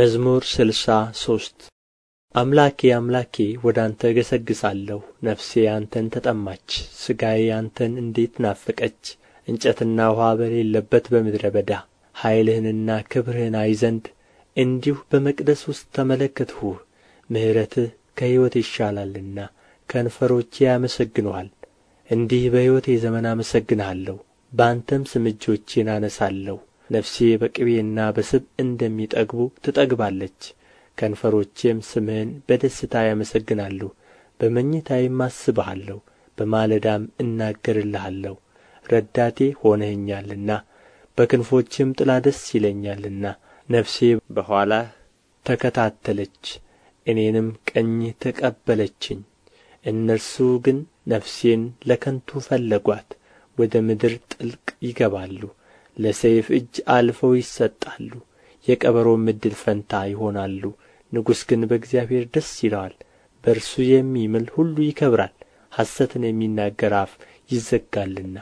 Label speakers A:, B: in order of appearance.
A: መዝሙር ስልሳ ሶስት አምላኬ አምላኬ ወደ አንተ እገሠግሣለሁ ነፍሴ አንተን ተጠማች ሥጋዬ አንተን እንዴት ናፈቀች እንጨትና ውኃ በሌለበት በምድረ በዳ ኃይልህንና ክብርህን አይ ዘንድ እንዲሁ በመቅደስ ውስጥ ተመለከትሁ። ምሕረትህ ከሕይወት ይሻላልና ከንፈሮቼ ያመሰግኑሃል እንዲህ በሕይወቴ ዘመን አመሰግንሃለሁ በአንተም ስም እጆቼን አነሣለሁ ነፍሴ በቅቤና በስብ እንደሚጠግቡ ትጠግባለች ከንፈሮቼም ስምህን በደስታ ያመሰግናሉ በመኝታዬም አስብሃለሁ በማለዳም እናገርልሃለሁ ረዳቴ ሆነኸኛልና በክንፎችም ጥላ ደስ ይለኛልና ነፍሴ በኋላህ ተከታተለች እኔንም ቀኝ ተቀበለችኝ እነርሱ ግን ነፍሴን ለከንቱ ፈለጓት ወደ ምድር ጥልቅ ይገባሉ ለሰይፍ እጅ አልፈው ይሰጣሉ የቀበሮም እድል ፈንታ ይሆናሉ ንጉሥ ግን በእግዚአብሔር ደስ ይለዋል በእርሱ የሚምል ሁሉ ይከብራል ሐሰትን የሚናገር አፍ ይዘጋልና